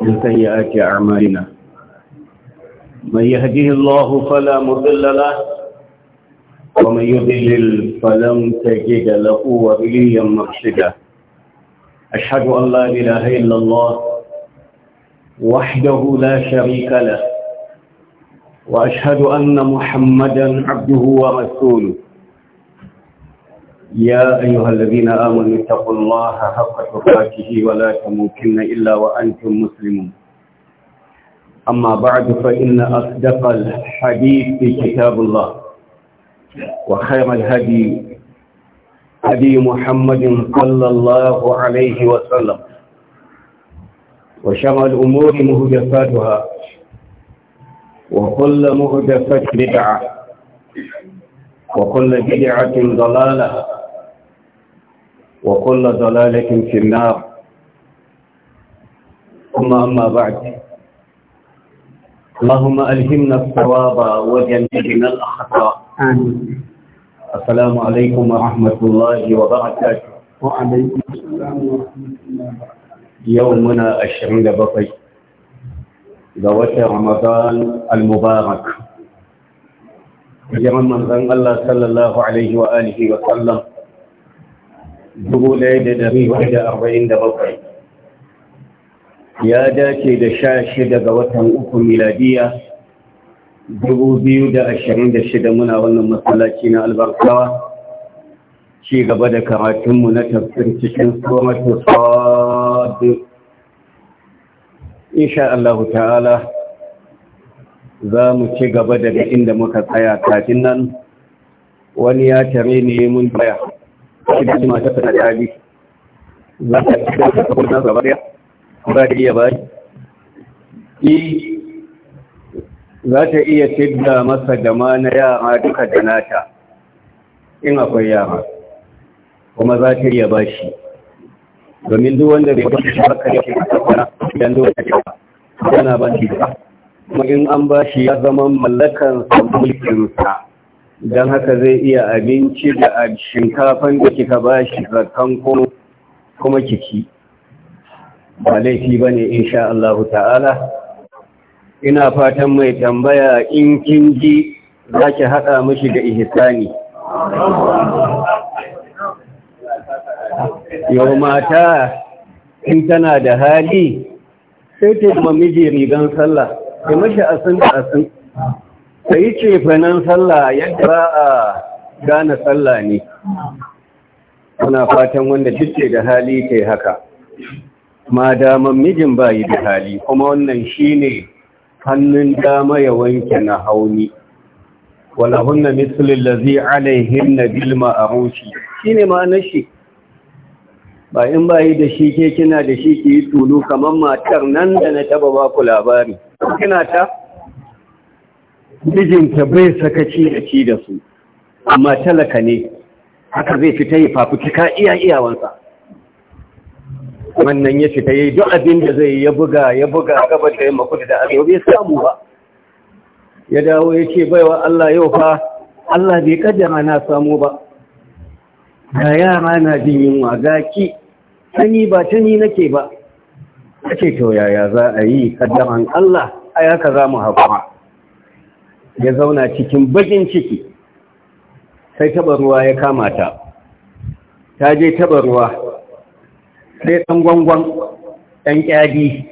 من سيئات أعمالنا من يهده الله فلا مضل له ومن يضلل فلم تجد له وليا مرشدا أشهد أن لا إله إلا الله وحده لا شريك له وأشهد أن محمدا عبده ورسوله يا أيها الذين آمنوا اتقوا الله حق تقاته ولا تموتن إلا وأنتم مسلمون أما بعد فإن أصدق الحديث في كتاب الله وخير الهدي هدي محمد صلى الله عليه وسلم وشر الأمور مهدفاتها وكل مهدفة بدعة وكل بدعة ضلالة وكل ضلالة في النار ثم أما بعد اللهم ألهمنا الصواب وجنبنا الأخطاء السلام عليكم ورحمة الله وبركاته وعليكم السلام ورحمة الله يومنا الشرين بطي دوات رمضان المبارك جرم من الله صلى الله عليه وآله وسلم dubu ɗaya da ɗari da arba'in da bakwai ya dace da sha shida ga watan uku miladiya dubu biyu da ashirin da shida muna wannan masallaci na albarkawa ci gaba da karatunmu na tafsir cikin suratu sadu insha Allah ta'ala za mu ci gaba daga inda muka tsaya kafin nan wani ya tare ne mun baya idan za ta ta iya bari za ta iya fidda masa gama na yara duka da nata in akwai yara kuma za ta iya bashi domin duk wanda bai bashi shi baka yake a tabbana idan duk wanda ba yana ba shi ba kuma in an bashi ya zama mallakan sa mulkinsa don haka zai iya abinci da shinkafan da kika ba shi zarkan kuma kiki ba laifi ba ne insha Allah ta'ala ina fatan mai tambaya in kin ji za ki haɗa mashi da ihsani yau mata in tana da hali sai ta miji rigan sallah ta mashi asin da asin ka yi fanan sallah yadda ba a gane sallah ne Kuna fatan wanda duke da hali ke haka ma daman mijin bayi da hali kuma wannan shine hannun dama ya wanke na hauni walahunna da zai alaihin bil ma'ruf a ma'anar shi ba in bayi da shi ke kina da shi ke yi tulu kamar matar nan da na taba ba ku labari kina ta mijinta bai sakaci da ci da su amma talaka ne haka zai fita yi fafutuka iya iyawansa wannan ya fita yi duk abin da zai ya buga ya buga gaba da ya makudu da arewa bai samu ba ya dawo ya ce baiwa Allah yau fa Allah bai kaddara na samu ba ga yara na jin yunwa ga ki sani ba ta ni nake ba ake to yaya za a yi kaddaran Allah a yaka za mu haƙura ya zauna cikin bakin ciki sai taba ruwa ya kama ta ta je taba ruwa sai ɗan gwangwan ɗan ƙyadi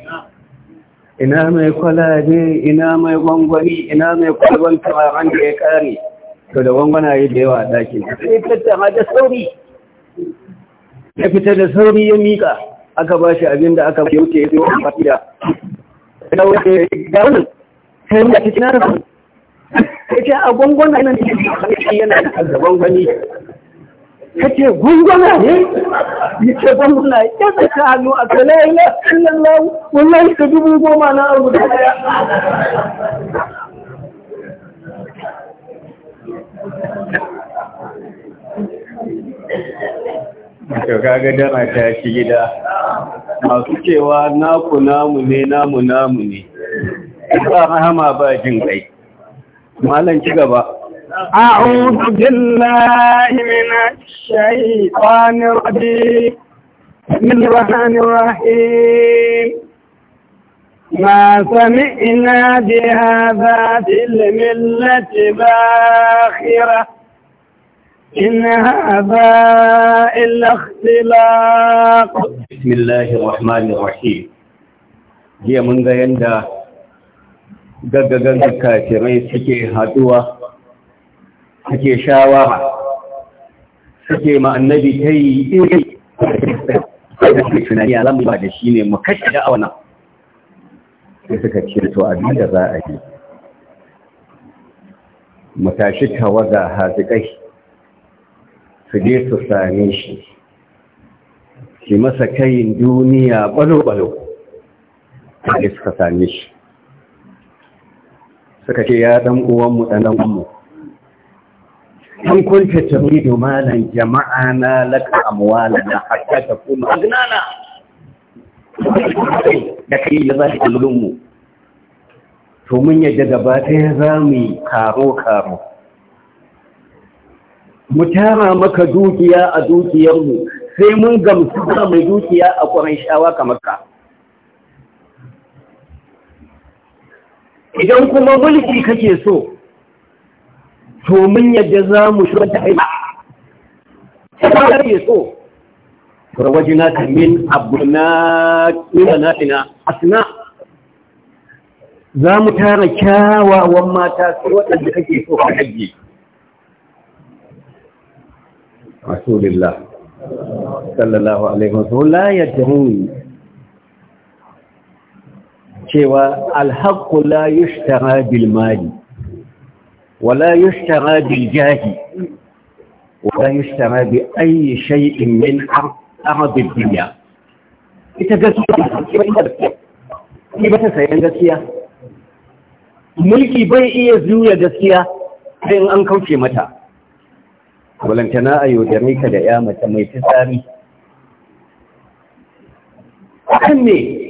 ina mai kwalabe ina mai gwangwani ina mai kwalwan tawaran da ya ƙare to da gwangwana yi da yawa a ɗakin sai tattama da sauri ya fita da sauri ya miƙa aka ba shi abin da aka wuce ya zo a fati da ya wuce ya wuce ya wuce ya wuce ya kai ce a gwangwana nan yana da gaban wani ka ce gwangwana ne ya ce gwangwana ya saka hannu a kan la'ila sallallahu wallahi ka dubu goma na abu da daya to kaga dana ta shi gida masu cewa naku namu ne namu namu ne ba rahama ba jin kai مالن ci gaba أعوذ بالله من الشيطان الرجيم بسم الرحمن الرحيم ما سمعنا بهذا في الملة باخرة إن هذا إلا اختلاق بسم الله الرحمن الرحيم هي من ذا gaggagagga kafirai suke haduwa suke shawara suke ma'annabi ta yi iri da suke tunani a lamba da shi ne mu kashe da awana sai suka ce to abin da za a yi mu tashi tawaga hazikai su je su same shi ki masa kayin duniya balo-balo ta suka same shi suka ce ya ɗan uwanmu dan uwanmu in kunta turidu malan na, laka amwalana ta kuma agnana da kai da zai kullun mu to mun yadda gaba ya za mu yi karo karo mu tara maka dukiya a dukiyarmu sai mun gamsu da mai dukiya a ƙwarai shawa kamar ka idan kuma mulki kake so to mun yadda za mu wata haima ta ba ke so na ta min abuna ina asna za mu tara kyawawan mata su waɗanda kake so a hajji rasulullah sallallahu alaihi wasallam la yadhun cewa alhaqqu la yushtara bil mali wala yushtara bil jahi wala yushtara bi ayyi shay'in min arab ad-dunya ita gaskiya ba ta sayan gaskiya mulki bai iya zuya gaskiya sai an kauce mata walantana a yaudare ka da ya mace mai fitsari kan ne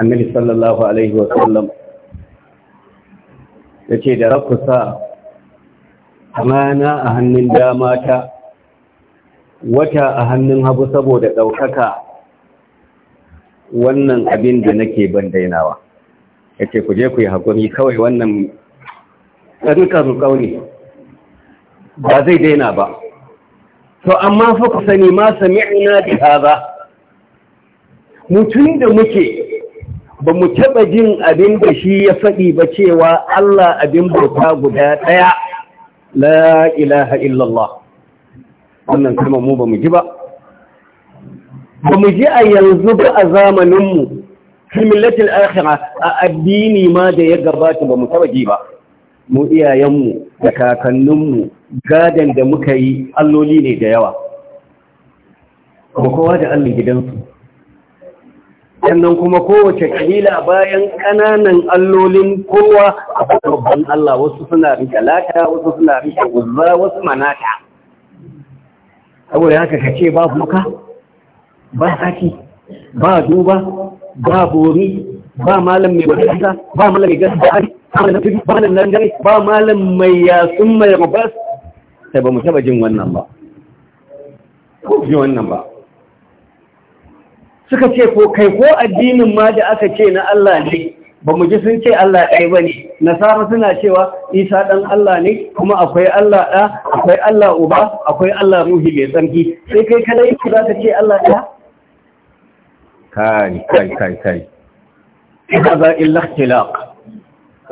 annabi sallallahu alaihi wa sallam yace da ku sa amana a hannun dama ta wata a hannun hagu saboda ɗaukaka wannan abin da nake ban dainawa yace ku je ku yi hakuri kawai wannan tsarkar kauni ba zai daina ba to amma fa ku sani ma sami'na bi hada mutun da muke ba mu taɓa jin abin da shi ya faɗi ba cewa Allah abin bauta guda ɗaya la ilaha illallah wannan kalmar mu ba mu ji ba ba mu ji a yanzu ba a zamaninmu himillatul akhira a addini ma da ya gabata ba mu taba ji ba mu iyayenmu da kakanninmu gadon da muka yi alloli ne da yawa ba kowa da allon gidansu sannan kuma kowace kabila bayan ƙananan allolin kowa a babban Allah wasu suna rike lata wasu suna rike uzza wasu manata saboda haka ka ce ba buka ba sati ba duba ba bori ba malam mai bakasa ba malam mai gasa ba ba nan dare ba malam mai yasun mai rubas sai ba mu taba jin wannan ba ko jin wannan ba suka ce ko kai ko addinin ma da aka ce na Allah ne ba mu ji sun ce Allah ɗaya ba ne nasara suna cewa isa ɗan Allah ne kuma akwai Allah ɗa akwai Allah uba akwai Allah ruhi mai tsarki sai kai kada yake za ka ce Allah ɗaya? kai kai kai kai ita za in lakhtilaq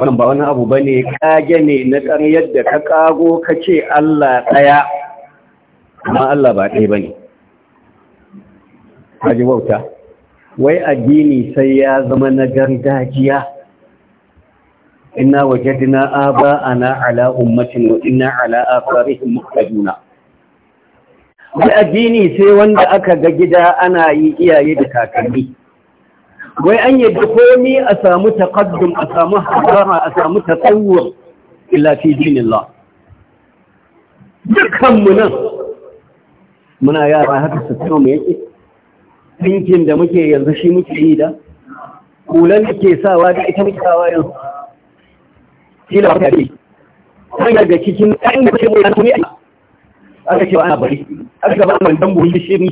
wannan ba wani abu bane kage ne na ƙaryar yadda ka kago ka ce Allah ɗaya amma Allah ba ɗaya bane kaji wauta wai addini sai ya zama na gargajiya Ina waje inna wajadna aba'ana ala ummatin wa inna ala akharihim muhtaduna wai addini sai wanda aka ga gida ana yi iyaye da kakanni wai an yadda komi a samu taqaddum a samu hazara a samu tatawwur illa fi dinillah dukkan mu nan muna yara haka su tsoma yake ɗinkin da muke yanzu shi muke yi da kulan da ke sawa da ita muke sawa yanzu shi da wata ne kan daga cikin ɗan da ke mai yanzu ne aka ce ana bari aka gaba a mandan buhun gishiri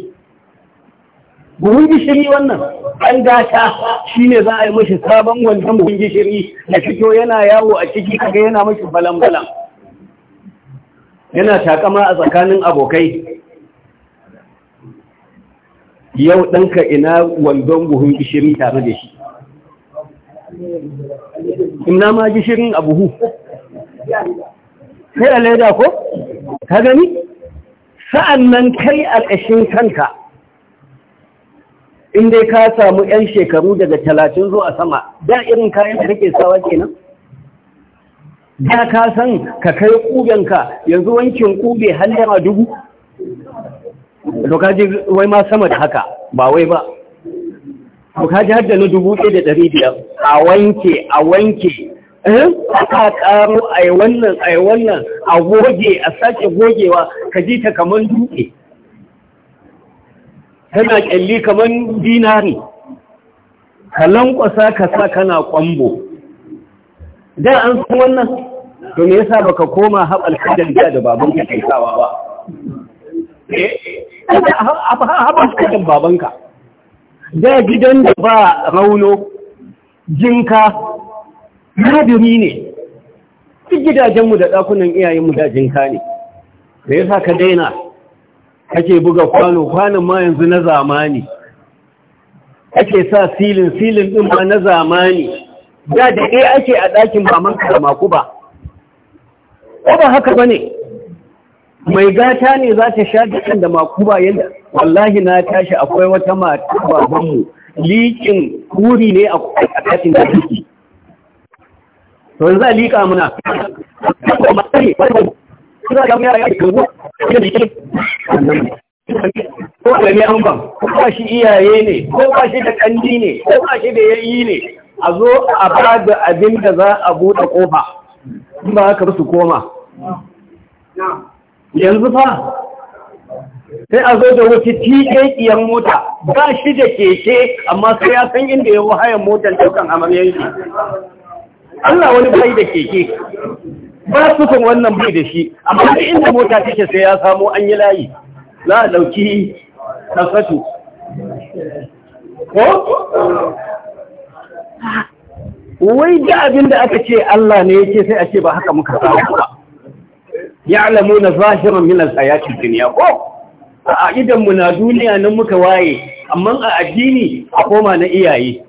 buhun gishiri wannan ɗan gata shi ne za a yi mashi sabon wancan buhun gishiri da fito yana yawo a ciki kaga yana mashi balan-balan yana takama a tsakanin abokai yau ɗanka ina wandon buhun gishiri tare da shi ina ma gishirin a buhu sai a leda ko ka gani sa'an nan kai a ƙashin kanka inda ka samu 'yan shekaru daga talatin zuwa sama da irin kayan da kake sawa kenan da ka san ka kai ƙubenka yanzu wankin ƙube har dubu dokaji wai ma sama da haka ba wai ba dokaji kaji na dubu ɗaya da ɗari biyar a wanke a wanke eh, aka karo a yi wannan a yi wannan a goge a sake gogewa ka ji ta kamar dutse tana kyalli kamar dinari ka lankwasa ka sa kana kwambo da an san wannan to me yasa baka koma haɓar kadan da babanka ka kai sawa ba eh, haɓar babanka da gidan da ba rauno jinka nadiri ne duk gidajenmu da ɗakunan iyayenmu da jinka ne da ya sa ka daina kake buga kwano kwanon ma yanzu na zamani ake sa silin silin ɗin ma na zamani da da ɗaya ake a ɗakin bamanka da makuba ko ba haka ba ne mai gata ne za ta sha kaɗan da makuba yadda wallahi na tashi akwai wata mata babanmu Likin wuri ne a ƙasashen da suke to za a liƙa muna ko da ne an ban ko ba shi iyaye ne ko ba shi da kandi ne ko ba shi da yayi ne a zo a ba da abin da za a buɗe ƙofa in ba haka su koma yanzu fa sai a zo da wata tiƙaƙiyar mota ba shi da keke amma sai ya san inda ya hayan motar daukan amaryar shi Allah wani bai da keke ba su kun wannan bai da shi amma sai inda mota take sai ya samo an yi layi za a dauki kasatu ko wai da abin da aka ce Allah ne yake sai a ce ba haka muka samu ba na zahiran min al-hayati dunya ko a idan mu na duniya nan muka waye amma a addini a koma na iyaye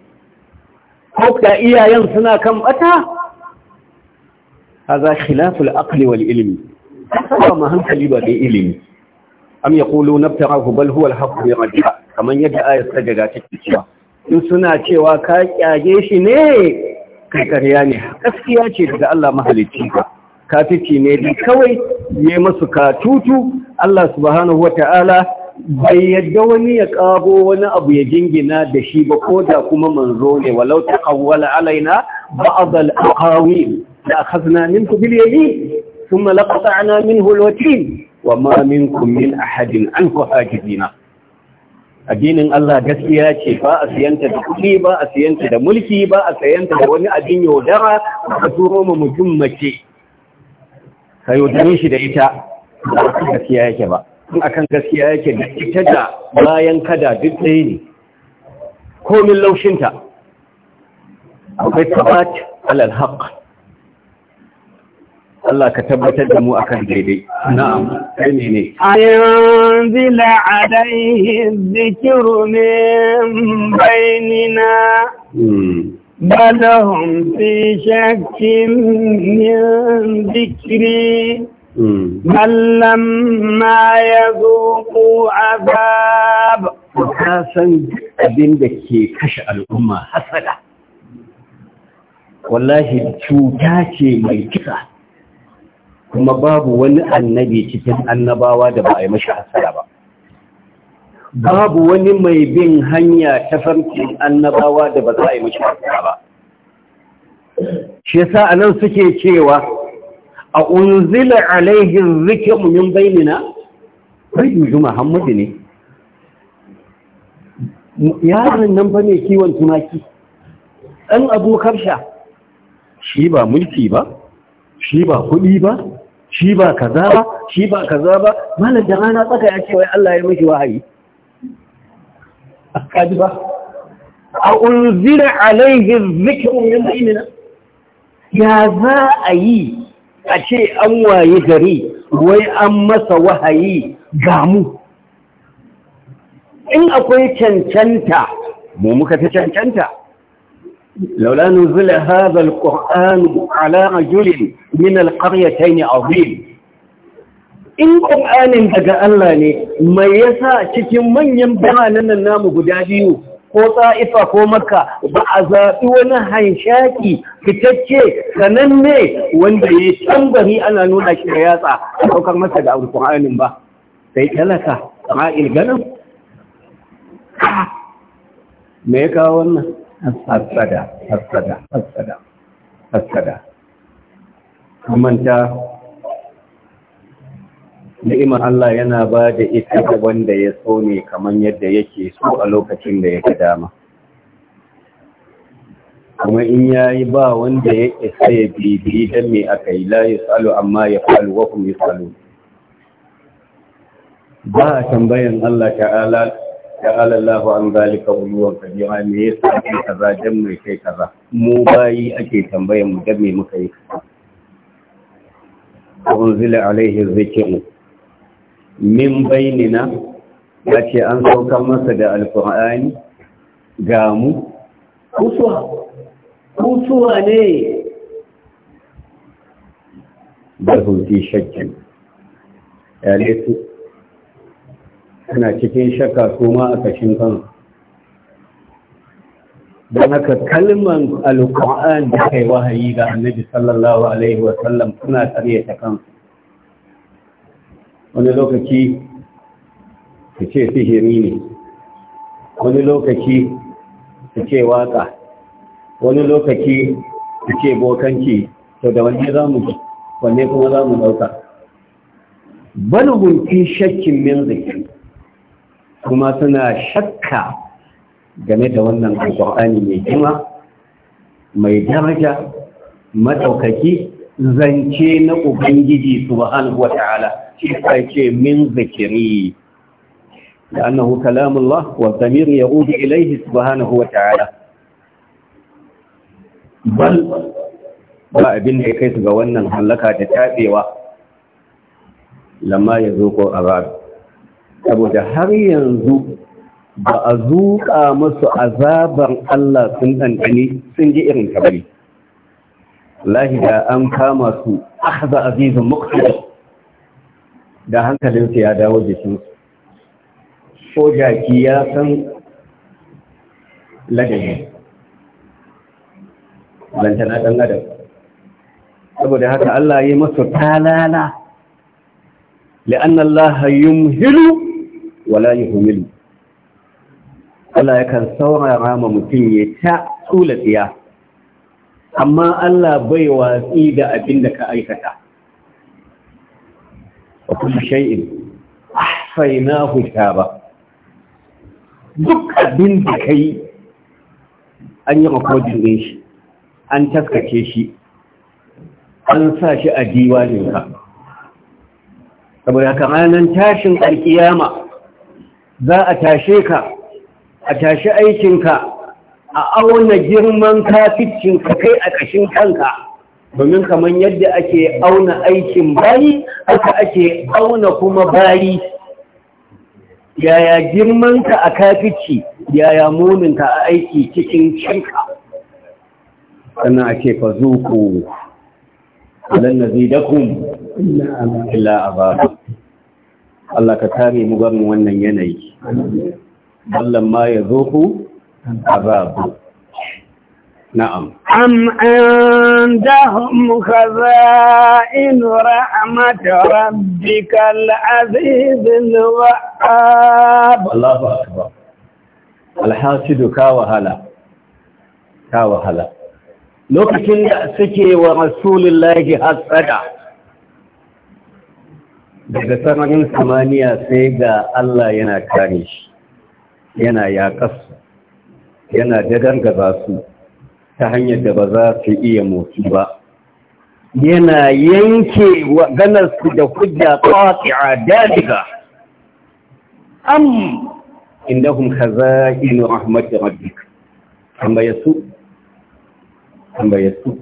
ko da iyayen suna kan bata hadha khilaful aqli wal ilmi kuma ma hankali ba da ilimi am yaqulu nabtarahu bal huwa al-haqq bi rabbika kaman yadda ayat ta daga take cewa in suna cewa ka kyage shi ne kai ne gaskiya ce daga Allah mahalicci ba. kafici ne da kawai ya masu katutu Allah subhanahu wata'ala bai yadda wani ya kago wani abu ya jingina da shi ba ko da kuma manzo ne walau taqawwala alaina a al-aqawil la akhadna minhu bil yamin thumma laqata'na minhu al-watin ma minkum min ahadin anhu hajibina addinin Allah gaskiya ce ba a siyanta da kuɗi ba a siyanta da mulki ba a siyanta da wani abin yaudara ba a turo ma mutum mace ka yaudare shi da ita ba a kan gaskiya yake ba a kan gaskiya yake da ita da bayan kada duk ɗaya ne komin laushinta akwai tabat alal haq Allah ka tabbatar da mu akan daidai na'am kai ne ne ayanzila alaihi dhikru min bainina hmm. بل هم في شك من ذكري بل لما يذوقوا عذاب kasan abin da ke kashe al'umma hasada wallahi cuta ce mai kisa kuma babu wani annabi cikin annabawa da ba a yi mashi hasada ba babu wani mai bin hanya ta farki annabawa da ba za a yi mashi ba shi yasa anan suke cewa a unzila alaihi zikr min bainina sai yuju muhammadu ne yaron nan ba ne kiwon tumaki ɗan abokar sha shi ba mulki ba shi ba kuɗi ba shi ba kaza ba shi ba kaza ba malar da rana tsaka ya ce wai Allah ya mashi wahayi kaji a unzira alaihi zikirun min bainina ya za a yi a ce an waye gari wai an masa wahayi gamu in akwai cancanta mu muka ta cancanta laula nuzila hadha alquran ala rajulin min alqaryatayn azim in ƙur'anin daga Allah ne mai yasa cikin manyan biranen nan namu guda biyu ko tsa'ifa ko maka ba a zaɓi wani hanshaki fitacce sananne wanda ya tambari ana nuna shi da yatsa a ɗaukar masa da alƙur'anin ba sai talaka ma'il ganin me ya kawo wannan hasada hasada hasada hasada kamanta ni'imar Allah yana ba da ita ga wanda ya so ne kamar yadda yake so a lokacin da ya dama kuma in ya yi ba wanda ya isa ya bibi dan mai aka yi la salo amma ya falu wa hum salo. ba tambayan Allah ta'ala ta'ala an zalika uluwan kabira ne yasa sami kaza don mai kai kaza mu bayi ake tambayan mu dan mai muka yi unzila alaihi dhikru min bainina ya ce an saukar masa da alkur'ani ga mu kusuwa kusuwa ne barhun fi shakkin yare su suna cikin shakka kuma a kashin kan don haka kalman alkur'an da kai wahayi ga annabi sallallahu alaihi wasallam suna tsare ta kansu wani lokaci su ce sihiri ne wani lokaci su ce waka wani lokaci su ce bokanci to da wanne za mu wanne kuma za mu ɗauka balhun shakkin min zikin kuma suna shakka game da wannan alkur'ani mai jima mai daraja maɗaukaki zance na ubangiji subhanahu wa ta'ala shi ce min zikiri لأنه كلام الله والضمير يعود إليه سبحانه وتعالى Bal, ba abin da ya kai su ga wannan hallaka da tabewa lamma ya zuko azab saboda har yanzu ba a zuƙa masu azabar Allah sun ɗanɗani sun ji irin kabari lahi an kama su aka azizun azizin da hankalinsu ya dawo jikinsu ko jaki ya san ladabi lantana ɗan adam saboda haka Allah yi masu talala la'anna Allah yumhilu wala yuhmilu Allah ya kan saurara ma mutum ya ta tsula tsiya amma Allah bai watsi da abin da ka aikata wa kullu shay'in ahsaynahu kitaba duk abin da kai an yi rikodin din shi an taskace shi an sa shi a diwanin ka saboda haka ranar tashin alkiyama za a tashe ka a tashi aikinka a auna girman kaficin ka kai a ƙashin kanka domin kamar yadda ake auna aikin bari, aka ake auna kuma bari. yaya girmanka a kafici yaya muninka a aiki cikin cinka sannan ake fa zuku alan nazidakum illa ababa Allah ka kare mu barin wannan yanayi ballan ma ya zuku azabu نعم أم عندهم خزائن رحمة ربك العزيز الوهاب الله أكبر الحاسد كاوهلا كاوهلا lokacin da suke wa rasulullahi hasada daga sararin samaniya sai ga Allah yana kare shi yana yaƙasu yana dagargaza su ta hanyar da ba za su iya motsi ba yana yanke ganarsu da hujja a dalika am indahum khaza'inu rahmati rabbika tambaye su tambaye su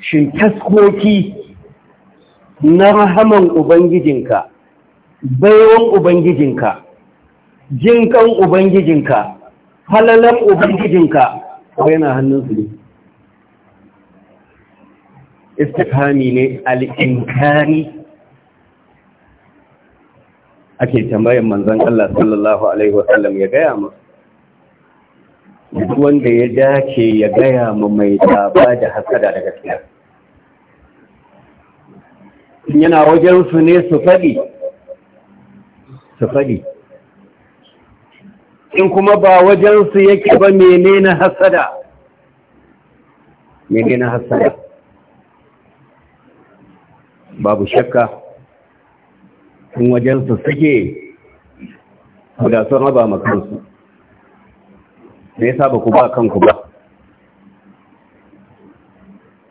shin taskoki na rahaman ubangijinka baiwan ubangijinka jinkan ubangijinka halalan ubangijinka kawai yana hannunsu ne istifhami ne al'inkari ake tambayan manzan Allah sallallahu Alaihi wasallam ya gaya ma. wanda ya dace ya gaya ma mai taba da hasada da gaskiya yana wajen su ne su faɗi su faɗi in kuma ba wajensu yake ba menene hasada menene hasada babu shakka in wajensu suke da sun raba makansu me yasa ba ku ba kanku ba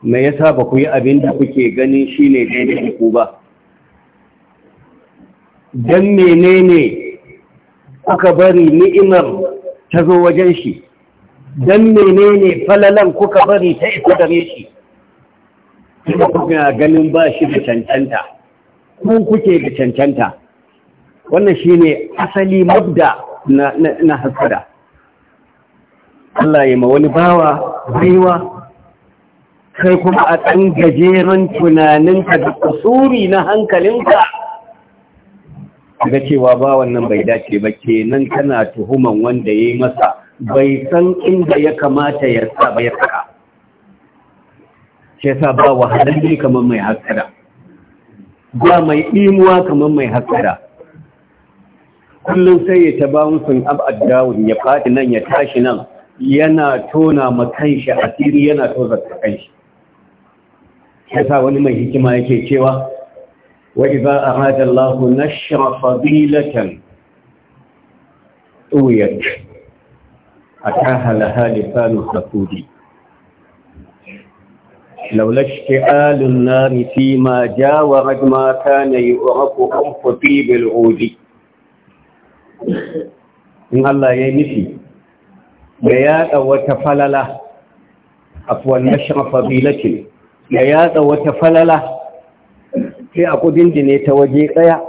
me yasa ba ku yi abin da kuke ganin shine daidai ku ba don menene kuka bari ni'imar ta zo wajen shi don menene falalan kuka bari ta isa gare shi kuma kuka ganin ba shi da cancanta ku kuke da cancanta wannan shi ne asali mabda na na Allah ya ma wani bawa baiwa kai kuma a ɗan gajeren tunaninka da kusuri na hankalinka ga cewa ba wannan bai dace ba kenan kana tuhuman wanda ya yi masa bai san inda ya kamata ya sa ba ya saka shi sa ba wahalalli kamar mai haskara ba mai ɗimuwa kamar mai haskara kullum sai ya ta bouncing ab and ya faɗi nan ya tashi nan yana tona ma shi asiri yana tozarta kanshi shi sa wani mai hikima yake cewa وإذا أراد الله نشر فضيلة أويت أتاها لها لسان حسودي لولا اشتعال النار فيما جاورت ما كان يؤرق أنف طيب العود إن الله ينفي بياء وتفللة عفوا نشر فضيلة بياء وتفللة sai a kudin dine ta waje ɗaya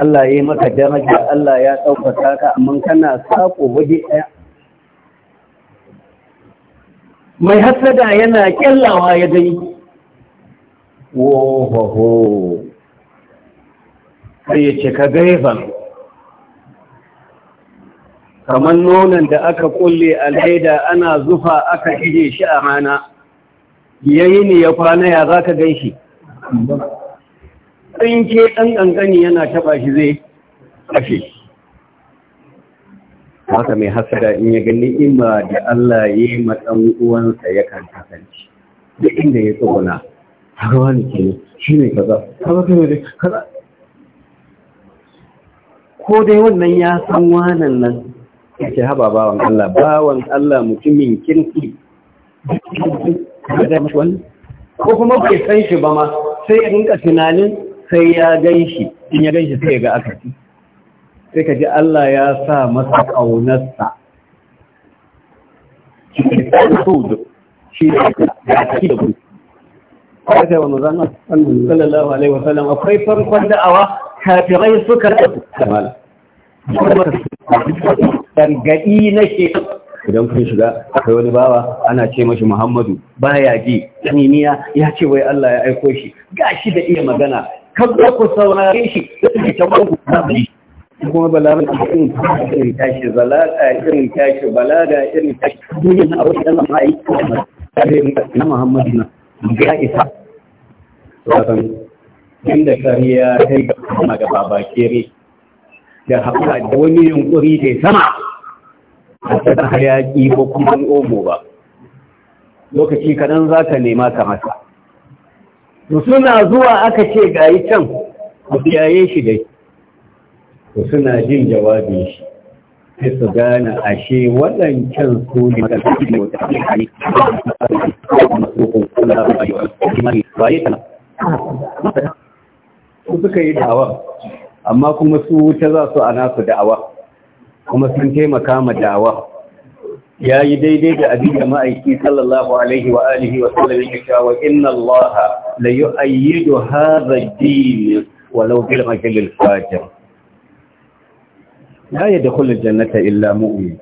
Allah ya yi maka daraja Allah ya ɗaukaka ka amma kana sako waje ɗaya mai hasada yana ƙyallawa ya gani wohoho sai ya cika ka gaifan kamar nonon da aka kulle a laida ana zufa aka ije shi a rana yayi ne ya kwana ya za ka gaishe. shi tsinke ɗan ƙanƙani yana taɓa shi zai ƙafe haka mai hasada in ya gani ima da Allah ya yi matsan uwansa ya kan kasance duk inda ya tsogona haka wani ke shi ne kaza kaza kai ne kaza ko dai wannan ya san wanan nan yake haba bawan Allah bawan Allah mutumin kirki ko kuma bai san shi ba ma sai in ka tunanin sai ya gan shi in ya gan shi sai ya ga ci sai ka ji Allah ya sa masa ƙaunarsa shi da akwai farkon da'awa kafirai suka rasu na ke idan kun shiga akwai wani bawa ana ce mashi muhammadu baya ji tsaniniya ya ce wai Allah ya aiko shi Ga shi da iya magana kabla ku saurare shi da suke can ku kamari kuma balaga irin tashi balaga irin tashi balaga irin tashi duniya na abu da ma yi na Muhammadu na ya isa wasan inda kariya ta yi kama da babakere da haka da wani yunƙuri da sama a tsakar hayaki ko kuma omo ba lokaci kadan za ka nema ka masa to suna zuwa aka ce gayi can a kiyaye shi dai suna jin jawabin shi sai su gane ashe waɗancan su ne da su ne su suka yi amma kuma su wuta za su ana su da'awa kuma sun taimaka ma da'awa ya yi daidai da abin da ma'aiki sallallahu alaihi wa alihi wa sallam wa cewa inna Allah la yu'ayyidu hadha ad-din walau bil makal al-fajir la yadkhulu al-jannata illa mu'min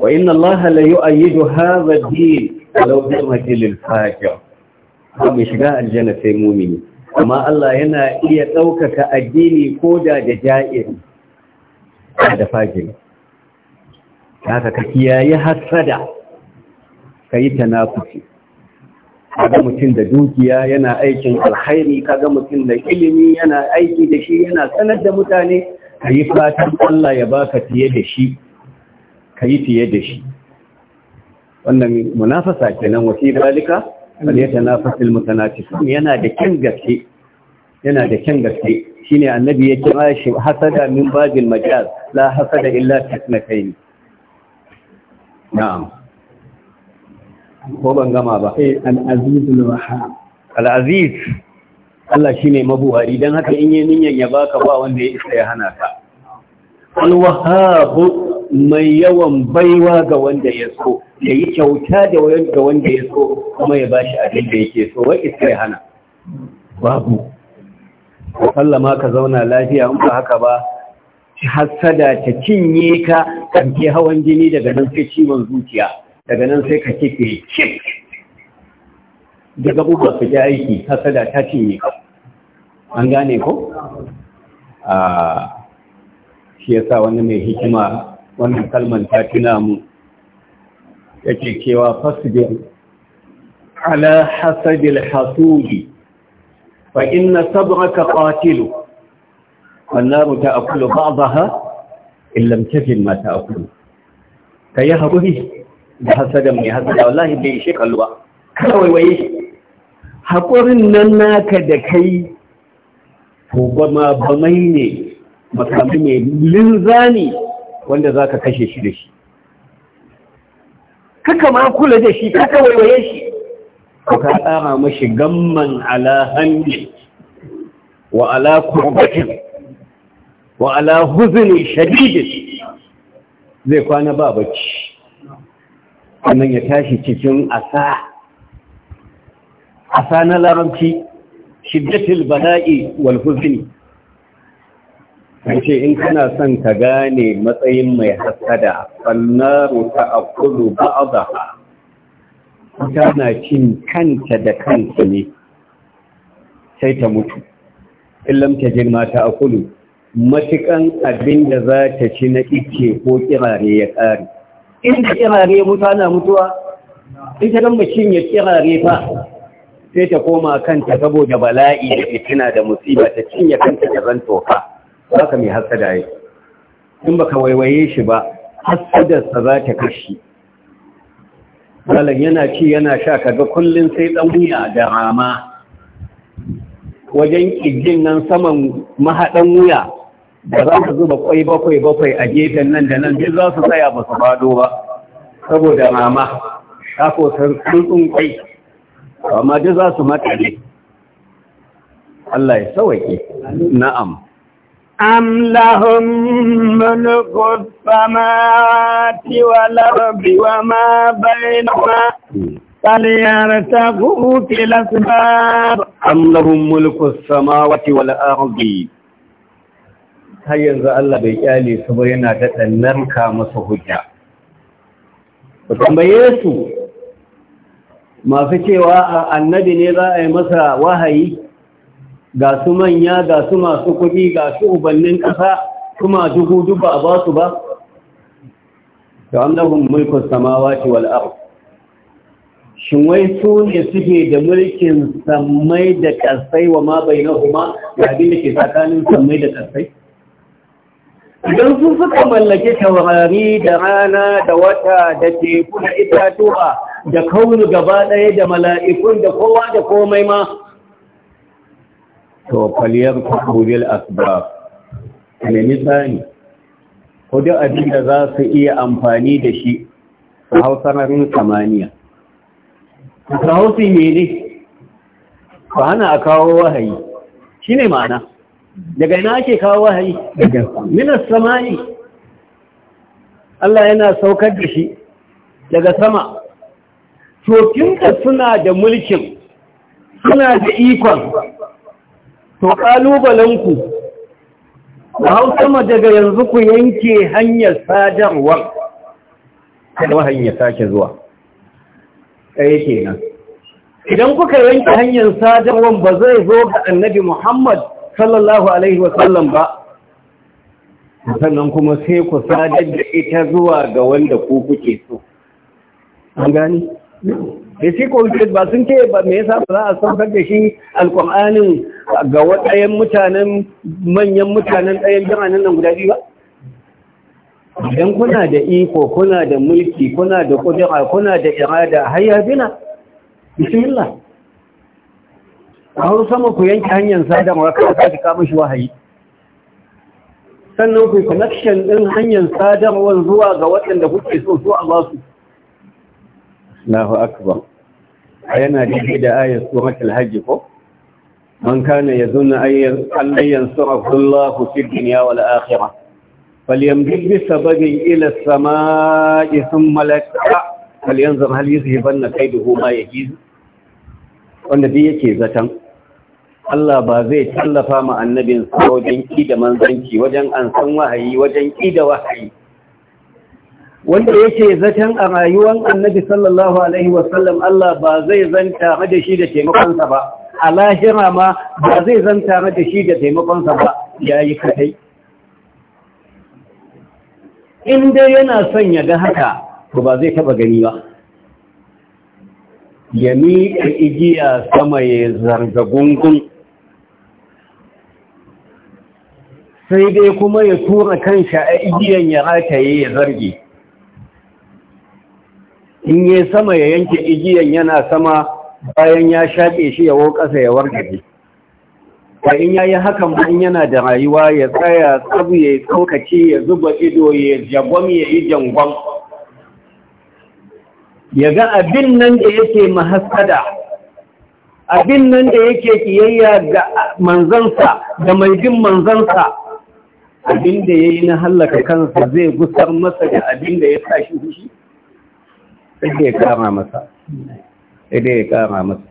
wa inna Allah la yu'ayyidu hadha ad-din walau bil makal al-fajir kuma shiga aljanna sai mu'mini amma Allah yana iya daukaka addini koda da ja'ir da fajiri haka ka kiyaye hasada ka yi ta Ka kaga mutum da dukiya yana aikin alkhairi kaga mutum da ilimi yana aiki da shi yana sanar da mutane ka yi fatan Allah ya baka fiye da shi ka yi fiye da shi wannan munafasa kenan wasi dalika nafasil mutanaci sun yana da kyan gaske yana da kyan gaske shine annabi ya kira shi hasada min bajin majal la hasada illa ni. na'am ko ban gama ba eh al Al'aziz, wahhab al-aziz Allah shine mabuhari dan haka in yayin niyyar ya baka ba wanda ya isa ya hana ka al-wahhab mai yawan baiwa ga wanda ya so ya yi kyauta da ga wanda ya so kuma ya bashi abin da yake so wai isa ya hana babu Allah ma ka zauna lafiya in ba haka ba hassada ta cinye ka ke hawan jini daga nan sai ciwon zuciya daga nan sai ka kife cik Daga gabubuwa su ta aiki hassada ta cinye ka an gane ko? a shi yasa wani mai hikima wannan kalman ta tuna mu ke cewa fasidin ala hasadil hasudi fa inna sabraka qatilu والنار تأكل بعضها إن لم تفل ما تأكل كي هبوه حسد من حسد والله بي شيخ كوي وي haƙurin nan naka da kai ko ma ne makami mai linzani wanda za ka kashe shi da shi kaka ma kula da shi kaka waiwaye shi ka tsara mashi gamman ala hannu wa ala kurbatin wa ala huzni zai kwana ba bacci wannan ya tashi cikin asa asa na larabci shiddatul bala'i wal huzni ce in kana son ka gane matsayin mai hasada fannaru ta akulu ba'daha na cin kanta da kanta ne sai ta mutu illam ta jin mata akulu Matukan abin da za ta ci na ike ko kirare ya ƙare inda kirare mutu mutuwa ita don mashin ya kirare fa sai ta koma kanta saboda bala'i da fitina da musiba ta cinye kanta da zan tofa ka mai hasada yi in ba ka waiwaye shi ba hasadarsa za ta kashi malam yana ci yana sha kaga kullum sai ɗan da rama wajen ƙirgin nan saman mahaɗan wuya da za su zuba kwai bakwai bakwai a gefen nan da nan duk za su tsaya ba su fado ba saboda mama ta ko tsuntsun kwai amma duk za su matsale Allah ya sawaki na'am am lahum أم لهم ملك السماوات والأرض وما بينهما فليرتقوا في am lahum mulku samawati wal ardi har yanzu Allah bai kyale su ba yana da narka masa hujja ku tambaye su masu cewa annabi ne za a yi masa wahayi ga su manya ga su masu kuɗi ga su ubannin ƙasa kuma dubu duba a ba su ba da annabin mulkin samawati wal wal'ar shin wai su ne suke da mulkin sammai da ƙasai wa ma bai na da ke tsakanin sammai da ƙasai idan su suka mallake taurari da rana da wata da teku da itatuwa da kaunu gaba ɗaya da mala'ikun da kowa da komai ma to kwaliyar kuburil asibar ne misali ko abin da za su iya amfani da shi su hau sararin samaniya su hausi ne ne hana a kawo wahayi shi ne ma'ana daga ina ake kawo wahayi daga minas samani Allah yana saukar da shi daga sama to kinka suna da mulkin suna da ikon to ƙalubalenku ku hau sama daga yanzu ku yanke hanyar sadarwar kada wahayin ya sake zuwa ɗaya kenan idan kuka yanke hanyar sadarwar ba zai zo ga annabi muhammad sallallahu alaihi wasallam ba sannan kuma sai ku sadar da ita zuwa ga wanda ku kuke so an gani da shi kwamfiyar ba sun ce ba me yasa ba za a saukar da shi alkwamanin ga waɗayen mutanen manyan mutanen ɗayan jamanin nan guda biyu ba idan kuna da iko kuna da mulki kuna da kudura kuna da irada hayya bina bismillah hau sama ku yanke hanyar sadarwa ka sake kama shi wahayi sannan ku connection ɗin hanyar sadarwar zuwa ga waɗanda kuke so so a basu Allahu akbar a yana daidai da ayar surat alhaji ko man kana yazunna ayyan Allah yansurahu Allah fi dunya wal akhirah falyamdid bi sababin ila as-samaa'i thumma laqa'a falyanzur hal yuzhibanna kayduhu ma yajiz wanda bi yake zatan Allah ba zai tallafa ma annabin wajen ki da manzanci wajen an san wahayi wajen ki da wahayi wanda yake zaton a rayuwar annabi sallallahu alaihi wasallam Allah ba zai zanta da shi da taimakonsa ba a lahira ma ba zai zanta da shi da taimakonsa ba yayi kadai in dai yana son ya ga haka to ba zai taba gani ba ya miƙa igiya sama ya zarga gungun sai dai kuma ya tura kansa a igiyan ya rataye ya zarge in yi sama ya yanke igiyan yana sama bayan ya shaƙe shi ya ƙasa ya wargaje ba in ya yi hakan ba in yana da rayuwa ya tsaya tsabu ya tsokace ya zuba ido ya jagwam ya yi jangwam ya ga abin nan da yake mahasada, abin nan da yake kiyayya ga manzansa da mai bin manzansa abin da ya yi na hallaka kansa zai gusar masa da abin da ya tashi shi ɗaya ya kama masa sai ya kama masa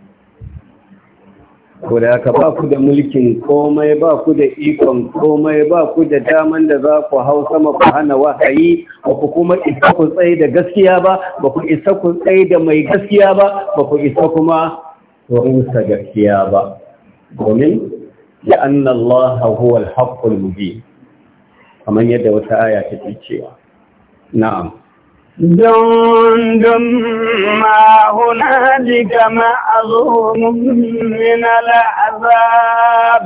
kodaya da ba ku da mulkin komai ba ku da ikon komai ba ku da daman da za ku hau sama ku hana wahayi ba ku kuma isa ku tsaye da gaskiya ba ba ku isa ku tsaye da mai gaskiya ba ba ku isa kuma wurinsa gaskiya ba domin لأن huwal هو الحق kamar yadda wata aya take cewa na'am ma ما هنالك معظوم من العذاب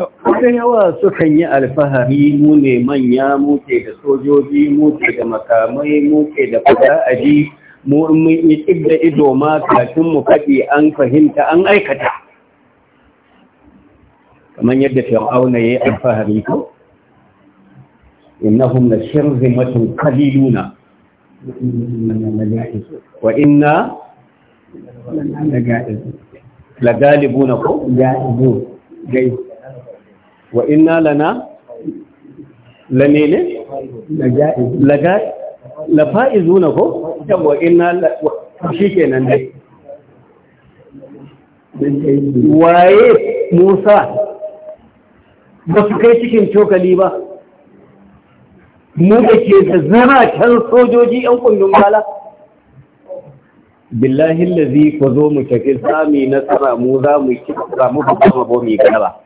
yawa sukan yi alfahari mu ne manya muke da sojoji muke da makamai muke da fada aji mu mun yi da ido ma kafin mu faɗi an fahimta an aikata kamar yadda fir'auna yayi alfahari ko إنهم la shirzimatun qaliluna wa inna la galibuna ko gai wa inna lana waye Musa ba su kai cikin cokali ba mu da ke da zama can sojoji yan kundin bala billahi lazi ku zo mu tafi sami nasara mu za mu kira mu ba mu ba mu galaba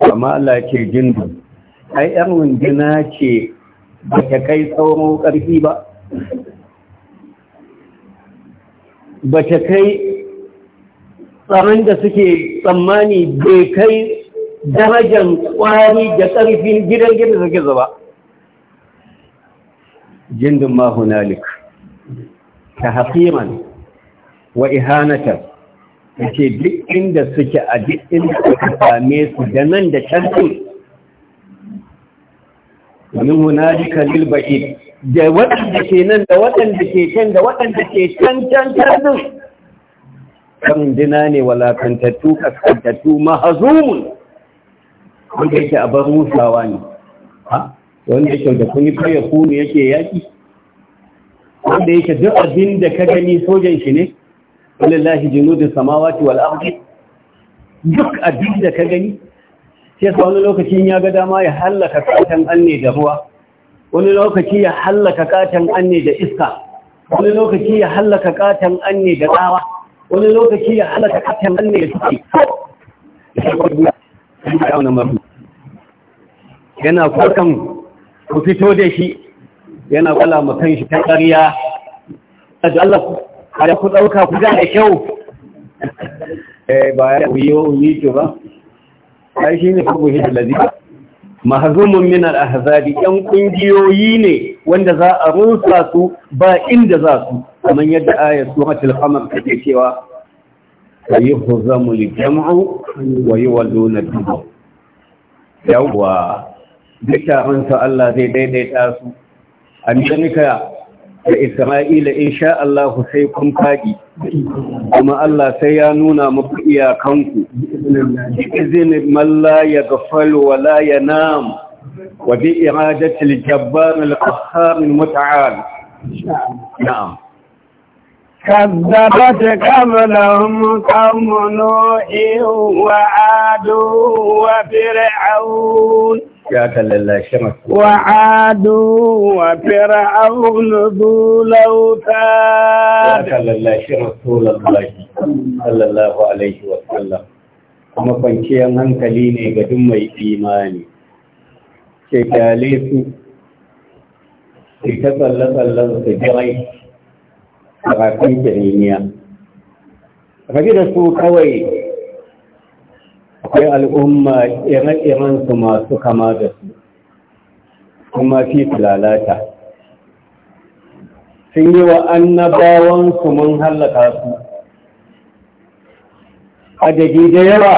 amma Allah ce jindu ai yan ce ba ta kai sauran ƙarfi ba ba ta kai tsaron da suke tsammani bai kai darajan ƙwari da ƙarfin gidan gidan suke zuba jindin ma hunalik ta haƙiman wa ihanatar ya ce duk inda suke a duk inda suka same su da nan da can su domin hunalika lilbaƙi da waɗanda ke nan da waɗanda ke can da waɗanda ke can can can din kan dina ne walakantattu kaskantattu mahazumun wanda yake a bar rusawa ne ha wanda yake da kuni yi ya kunu yake yaki wanda yake duk abin da ka gani sojan shi ne wallahi junudu samawati wal ardi duk abin da ka gani sai sa wani lokaci ya ga dama ya halaka katan anne da ruwa wani lokaci ya halaka katan anne da iska wani lokaci ya halaka katan anne da tsawa wani lokaci ya halaka katan anne da suke yana kwakan ku fito da shi yana kwala mutan shi ta a da Allah kare ku ɗauka ku ga da kyau eh ba ya ku wa yi ke ba ai ne ku hidda lazi mahzumun min al-ahzabi yan kungiyoyi ne wanda za a rusa su ba inda za su kamar yadda ayat suratul qamar take cewa sayuhzamu al-jam'u wa yuwalluna dubu dubur yawwa duk taronsa Allah zai daidaita su Amerika da Isra'ila insha Allah sai kun faɗi kuma Allah sai ya nuna muku iyakanku izinin malla ya gafal wala ya nam wa bi iradatil jabbar al-qahhar al-muta'al na'am كذبت قبلهم قوم نوح وعاد وفرعون وعاد وفرعون ذو لوتاد رسول الله صلى الله عليه وسلم kuma kwanciyar hankali ne ga duk mai imani ke kyale su su ta tsalle-tsallen su jirai a rafin kiriniya rabi da su kawai akwai al'umma ire-iren su masu kama da su kuma fi lalata sun yi wa annabawansu mun hallaka su A da yawa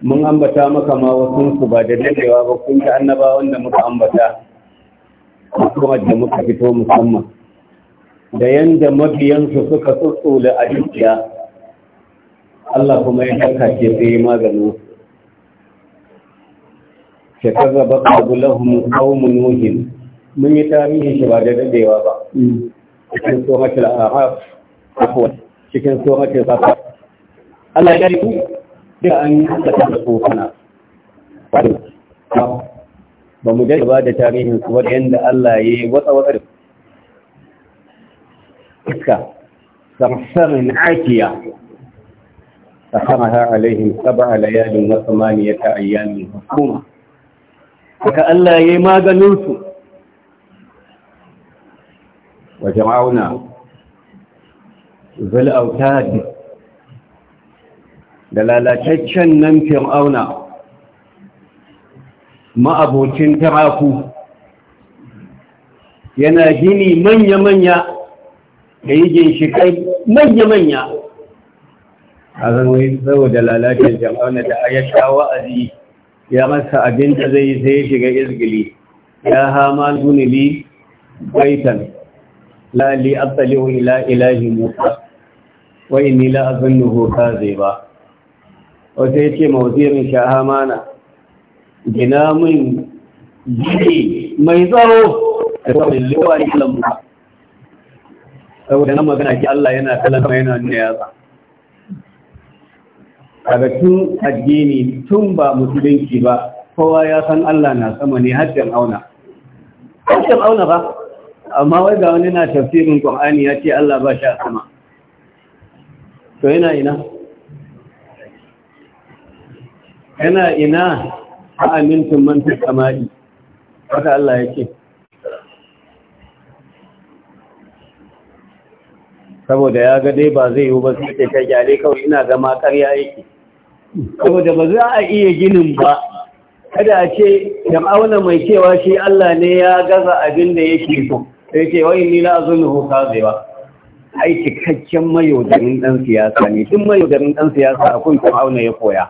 mun ambata maka ma ba da dalewa ba kun ta annabawan da muka ambata kuma da muka fito musamman da yanda mabiyansu suka tsutsula a jikiya Allah kuma ya karkace ke ya maganin su shekarar ba ka gulahun kawun nuhin mun yi tarihin shi ba da dadewa ba cikin tsohon al'ahaf afuwa cikin da safa Allah ya yi da an yi haka da tsofana ba mu dai ba da tarihin su wadda yadda Allah ya yi watsa watsa da iska sarsarin akiya سحرها عليهم سبع ليال وثمانية أيام حكومة لا يما جنوت وجمعونا ذو الأوتاد دلالتشن نم فرعون ما أبوتين تراكو yana من يمن manya da yi ginshikai manya-manya a zanwai saboda lalacin jama'a da ya sha wa'azi ya masa abin da zai sai ya shiga izgili ya hama zunili baitan la li wa ila ilahi musa wa inni la azunnuhu kaziba wata yace mawzirin na gina min gini mai tsaro da kawai liwa ne musa saboda na magana ki Allah yana kalan yana nuna yatsa da tun addini tun ba musulunci ba kowa ya san Allah na sama ne hajjan auna hajjan auna ba amma wai ga wani na tafsirin ƙwa'ani ya ce Allah ba shi a sama to yana ina yana ina a amintin mantar fi wata Allah ya ce saboda ya ga dai ba zai yi ba sai kai gyare kawai ina gama ƙarya yake saboda ba za a iya ginin ba kada a ce auna mai cewa shi Allah ne ya gaza abin da yake so sai ce wai ni la zai ba. ai cikakken mayaudarin dan siyasa ne duk mayaudarin dan siyasa a kun auna ya koya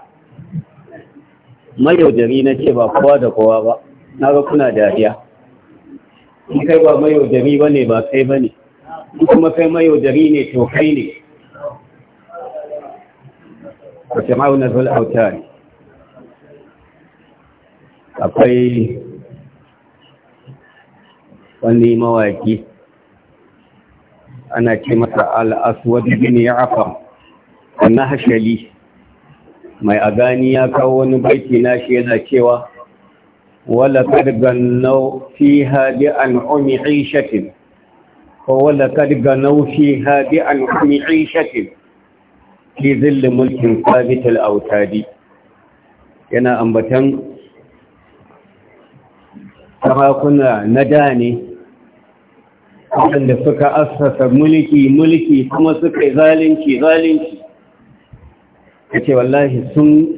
mayaudari na ce ba kowa da kowa ba na ga kuna dariya kai ba mayaudari ba ne ba kai ba ne kuma kai mayaudari ne to kai ne وفرعون ذو akwai wani mawaki ana ce masa al'aswad bin ya'afa na hashali mai azani ya kawo wani baiti na shi cewa wala kargan nau fi haɗi al'umi wala fi zillin mulkin sabital autadi yana ambatan sarakuna na da ne waɗanda suka assasa mulki mulki kuma suka yi zalunci zalunci ya ce wallahi sun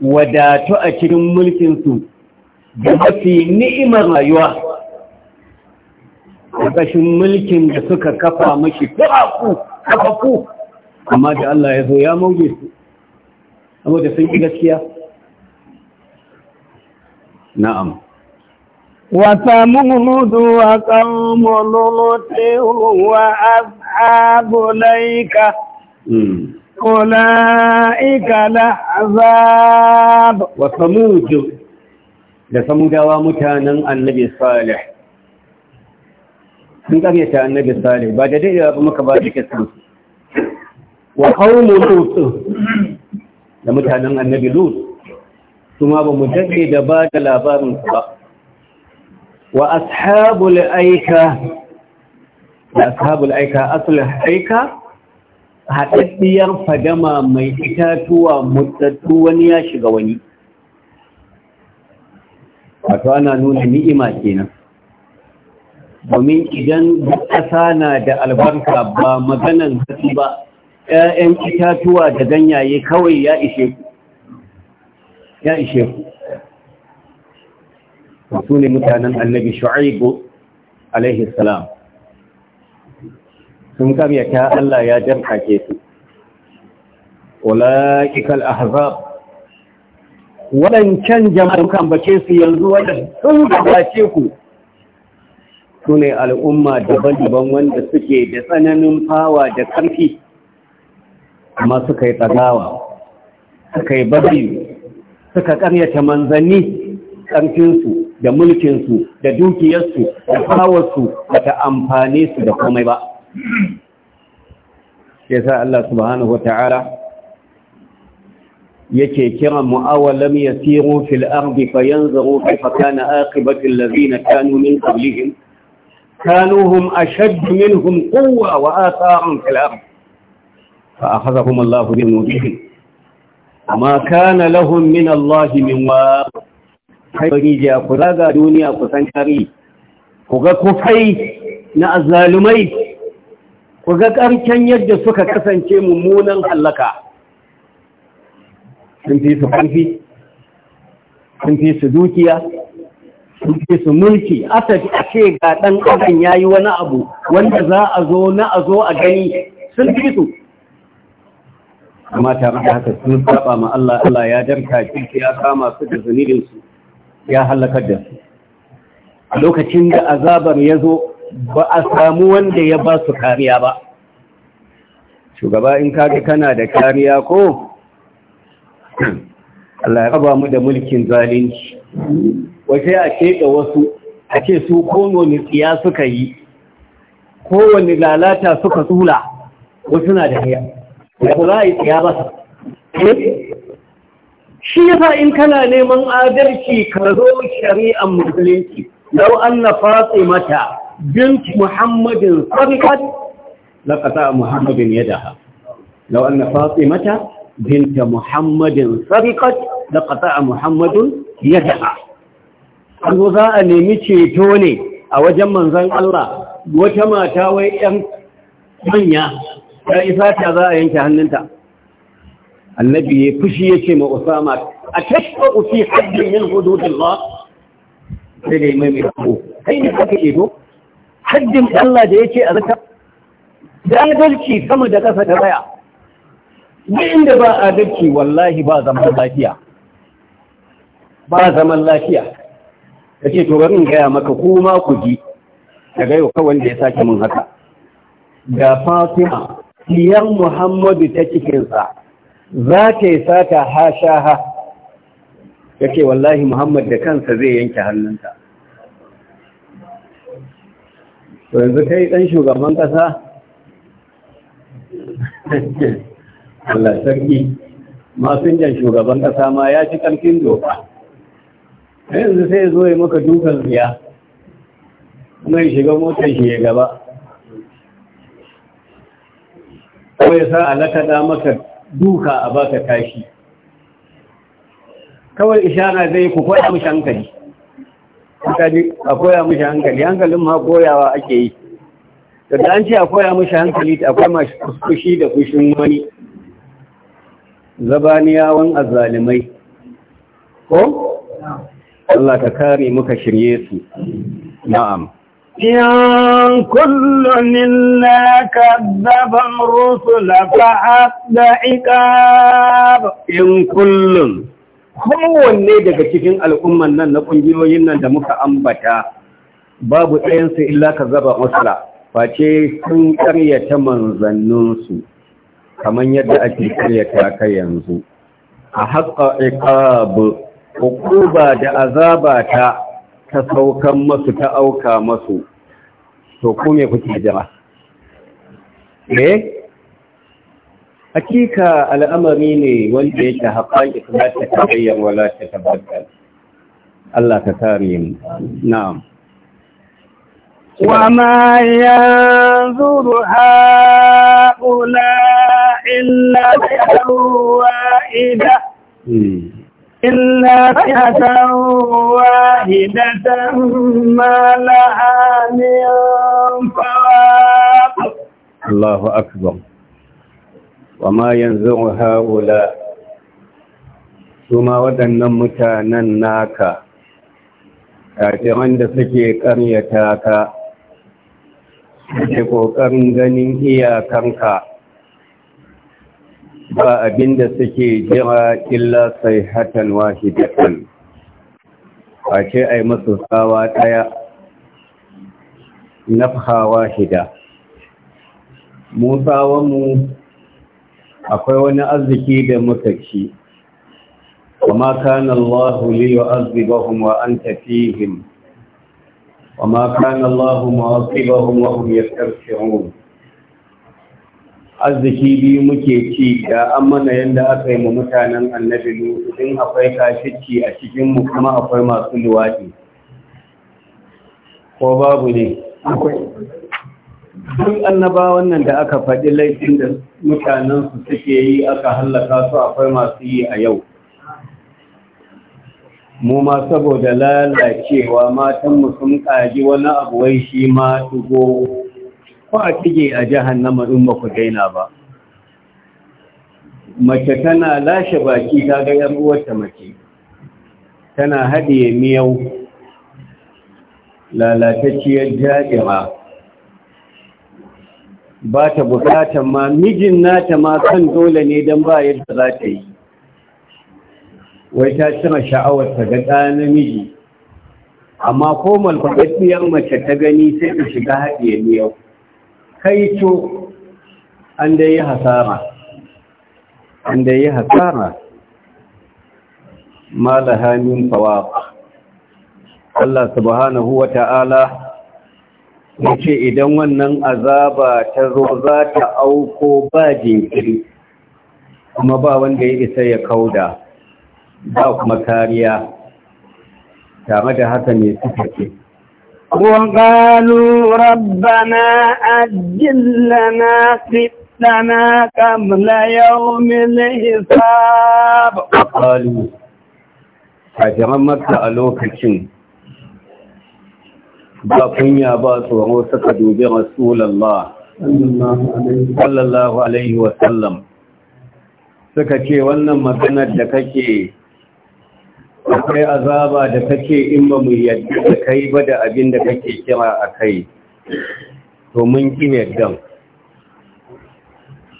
wadatu a cikin mulkinsu da mafi ni'imar rayuwa ƙashin mulkin da suka kafa mashi turaku kafafu amma da Allah ya zo ya mauge su da sun ƙi gaskiya na'am وثمود وقوم لوط وأصحاب na أولئك الأحزاب وثمود da samudawa mutanen annabi Saleh. sun ta annabi Saleh ba da daidai ba muka ba da kisan wa kawo lut da mutanen annabi lut kuma ba mu da ba da labarin ba wa ashabul aika da ashabul aika asul aika haɗaɗɗiyar fadama mai itatuwa mutattu wani ya shiga wani wato ana nuna ni'ima kenan domin idan ƙasa na da albarka ba maganan hatsi ba ‘ya'yan itatuwa da ganyaye kawai ya ishe ku, ya ishe ku, su ne mutanen annabi shu'aibu alaihi salam. Sun kamyata Allah ya jarka ke su, wala ikal ahzab. waɗancan jama’in kan bace su yanzu wajen sun gabace ku su ne al'umma daban-daban wanda suke da tsananin fawa da ƙarfi amma suka yi tsagawa suka yi babi suka karyata manzanni ƙarfinsu da mulkinsu da dukiyarsu da kawarsu ba ta amfane su da komai ba Ya sa Allah subhanahu ta'ala yake kiran mu'awalam yasiru fil ardi zaro fi kana aqibatu allazina kanu min qablihim kanu hum minhum quwwa wa atharan fil ardi فأخذهم الله بذنوبهم ما كان لهم من الله من واق haibari jiya ku zaga duniya ku san ku ga kufai na azalumai ku ga ƙarshen yadda suka kasance mummunan hallaka sun fi su sun fi su dukiya sun fi su mulki asali a ce ga ɗan ƙasan ya yi wani abu wanda za a zo na a zo a gani sun fi su amma tare da haka sun saba ma Allah Allah ya danka shi ya kama su da zunubin su ya halakar da su a lokacin da azabar ya zo ba a samu wanda ya ba su kariya ba shugaba in kaga kana da kariya ko Allah ya raba mu da mulkin zalunci wace a ce da wasu a ce su kowane tsiya suka yi kowane lalata suka tsula wasu na da haya da ba za a yi tsaya ba eh? shi yasa in kana neman adalci ka zo shari'ar musulunci lau anna fatimata bint muhammadin sadiqat laqata muhammadin yadaha lau anna fatimata bint muhammadin sadiqat laqata muhammadin yadaha an zo za a nemi ceto ne a wajen manzon Allah wata mata wai 'yan manya ta isa ta za a yanke hannunta annabi ya fushi ya ce ma usama a tashfa fi haddin min hududillah sai da mai mai ko kai ne kake ido haddin Allah da yake a zata? da adalci sama da kasa ta tsaya Ni inda ba adalci wallahi ba zaman lafiya ba zaman lafiya kace to bari in gaya maka kuma ku ji daga yau kawai da ya sake mun haka da Fatima Siyan muhammadu ta cikinsa za ta yi sata ha sha ha ya ce wallahi muhammad da kansa zai yanke hannunta to yanzu kai ɗan shugaban ƙasa Allah sarki masinjan shugaban ƙasa ma ya ci ƙarfin doka yanzu sai zo ya maka dukan ziya mai shiga motar shi ya gaba ko ya sa a lakaɗa maka duka a baka tashi kawai ishara zai ku koya mishi hankali a koya mishi hankali hankalin ma koyawa ake yi da an ce a koya mishi hankali akwai masu kuskushi da kushin wani zabaniyawan azalimai ko? Allah ka kare muka shirye su na'am إن كل إلا كذب الرسل فحد عقاب إن كل kowanne daga cikin al'umman nan na ƙungiyoyin nan da muka ambata babu ɗayansu illa ka zaba musula face sun ƙaryata manzanninsu kamar yadda ake ƙaryata ka yanzu a haƙa ikabu. hukuba da azaba ta ta saukan masu ta auka masu to ku kuke jira Me. hakika al'amari ne wanda yake haƙaƙi su ba ta tarayyar wala ta tabbatar Allah ka kare mu na'am وما ينظر هؤلاء إلا بأوائده Illa suna taruwa idan sun mala a miyar farawa. Allahu akhbar! yanzu mu hagu da. Suma waɗannan mutanen naka. Kace wanda suke karyata ka. Suke ƙoƙarin ganin iyakanka. ba abinda suke jira illa sai hatan washi daɗin a ce a yi masu tsawa ɗaya na fahawa shida musawanmu akwai wani arziki da muka ci kuma kanan lahu liyu arzibahun wa an tafi tafihim kuma kanan lahu ma'asibahun wa'um ya ƙarfi hun arziki biyu muke ci da an mana yadda aka yi mu mutanen annabi lutu in akwai kafici a cikin mu kuma akwai masu luwaɗi ko babu ne akwai duk annabawan wannan da aka faɗi laifin da mutanen su suke yi aka hallaka su akwai masu yi a yau mu ma saboda lalacewa matan mu sun kaji wani abu wai shi ma dugo ko a kige a jahannama in ba ku daina ba mace tana lashe baki ta ga yan mace tana hadiye miyau lalatacciyar jajira ba ta bukata ma mijin nata ma kan dole ne don ba yadda za ta yi wai ta cire sha'awar ta ga ɗana miji? amma ko malfaɗaɗɗiyar mace ta gani sai ta shiga haɗiye miyau kaito an da hasara an da hasara malaha min fawaq Allah subhanahu wa ta'ala yace idan wannan azaba ta zo za ta auko ba jinkiri kuma ba wanda ya isa ya kauda ba kuma kariya tare da haka ne suke وقالوا ربنا أجل لنا قتنا قبل يوم الحساب وقالوا حجر مكة ألوكتين باقين يا باس وروسكدوا برسول الله صلى الله عليه وسلم سكتي ce wannan maganar akwai azaba da kake in ba mu yadda da kai ba da abin da kake kira a kai to mun ki yaddan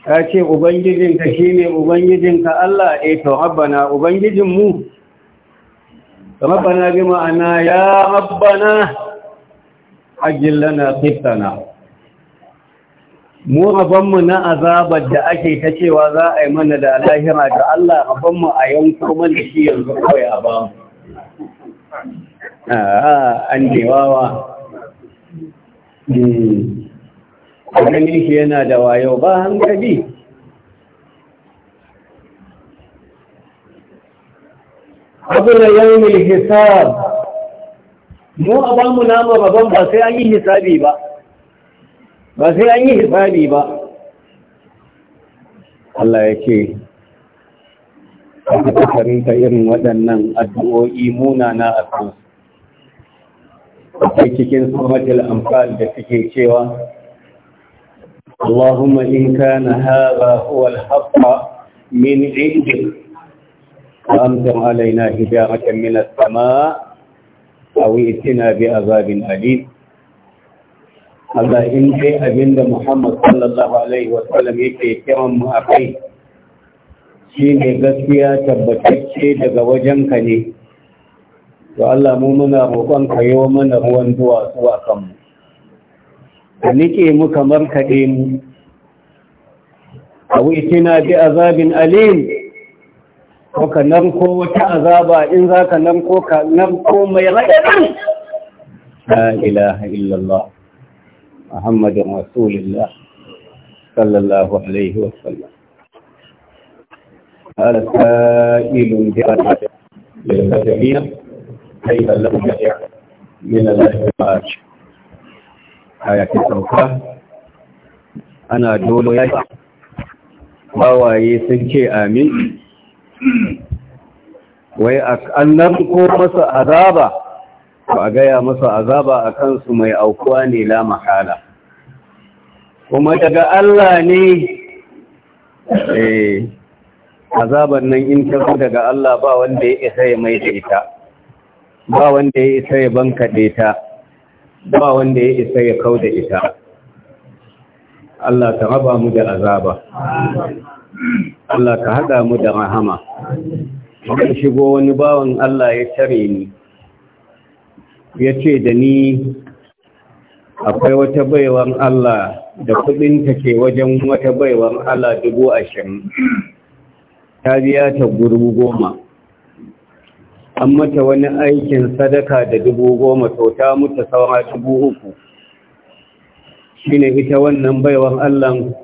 ta ce ubangijinka shi ne ubangijinka Allah e to rabbana ubangijinmu rabbana bi ma'ana ya rabbana lana fitana mu rabanmu na azabar da ake ta cewa za a yi mana da alahira da Allah rabanmu a yanko da shi yanzu kawai a ba mu an jewawa a hmm. ganin shi yana da wayo ba hankali abin yawon hisab mu a na mu namu rabon ba sai an yi hisabi ba ba sai an yi hisabi ba Allah ya ce a kasarin ta irin waɗannan addu’o’i munana a kan a cikin sumatil amfal da suke cewa Allahumma in kana haza huwal haqqa min indi amtum alaina hidayatan min as-sama aw itina bi azabin alim Allah in dai abinda Muhammad sallallahu alaihi wasallam yake kiran mu akai shi ne gaskiya tabbatacce daga wajenka ne to Allah mu muna roƙon ka yi mana ruwan zuwa zuwa kanmu ka nike mu kamar kaɗe mu a witina bi azabin alim ko ka narko wata azaba in za ka narko ka narko mai raɗaɗin la ilaha illallah محمد رسول الله صلى الله عليه وسلم هذا سائل بأرحة للمسلمين كيف لم يدع من الأزواج آية التوفى أنا دول يدع wawaye sun ce amin wai a annar ko masa azaba to a gaya masa azaba a kansu mai aukuwa ne la mahala kuma daga Allah ne eh azaban nan in ta daga Allah ba wanda ya isa ya mai ita ba wanda ya isa ya bankaɗe ta ba wanda ya isa ya kau da ita Allah ka raba mu da azaba Allah ka haɗa mu da rahama Wani shigo wani bawan Allah ya tare ni ya ce da ni akwai wata baiwan Allah da kudinta ke wajen wata baiwan Allah dubu ashirin ta biya ta guru goma an mata wani aikin sadaka da dubu goma to ta mutu saura dubu uku shi ne ita wannan baiwan Allah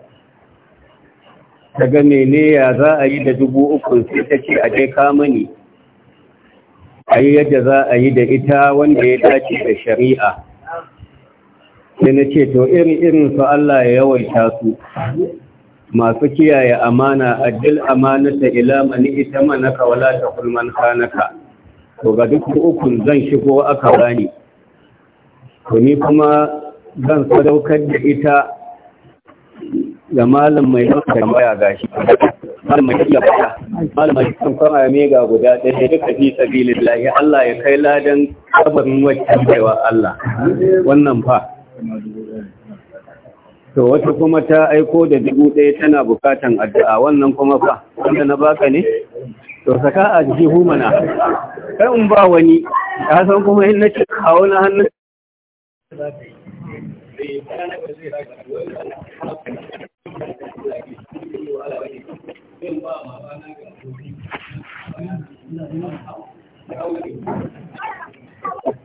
ta ga mene ya za a yi da dubu uku sai ta ce a je kamani a yi yadda za a yi da ita wanda ya dace da shari'a sai na ce to irin su Allah ya yawaita su masu kiyaye amana addil amanata ila mani ita manaka wala ta kulman kanaka to ga duk ukun zan shigo aka bani to ni kuma zan sadaukar da ita ga malam mai ɗaukar tambaya gashi malam mai iya faɗa. malam mai kan fara mega guda ɗaya duka fi sabilillahi Allah ya kai ladan kabarin waccan baiwa Allah wannan fa to wata kuma ta aiko da dubu ɗaya tana bukatan addu'a wannan kuma fa wanda na baka ne to saka a jihu mana kai in ba wani Ya san kuma yin nace kawo na hannun Thank you. Thank you.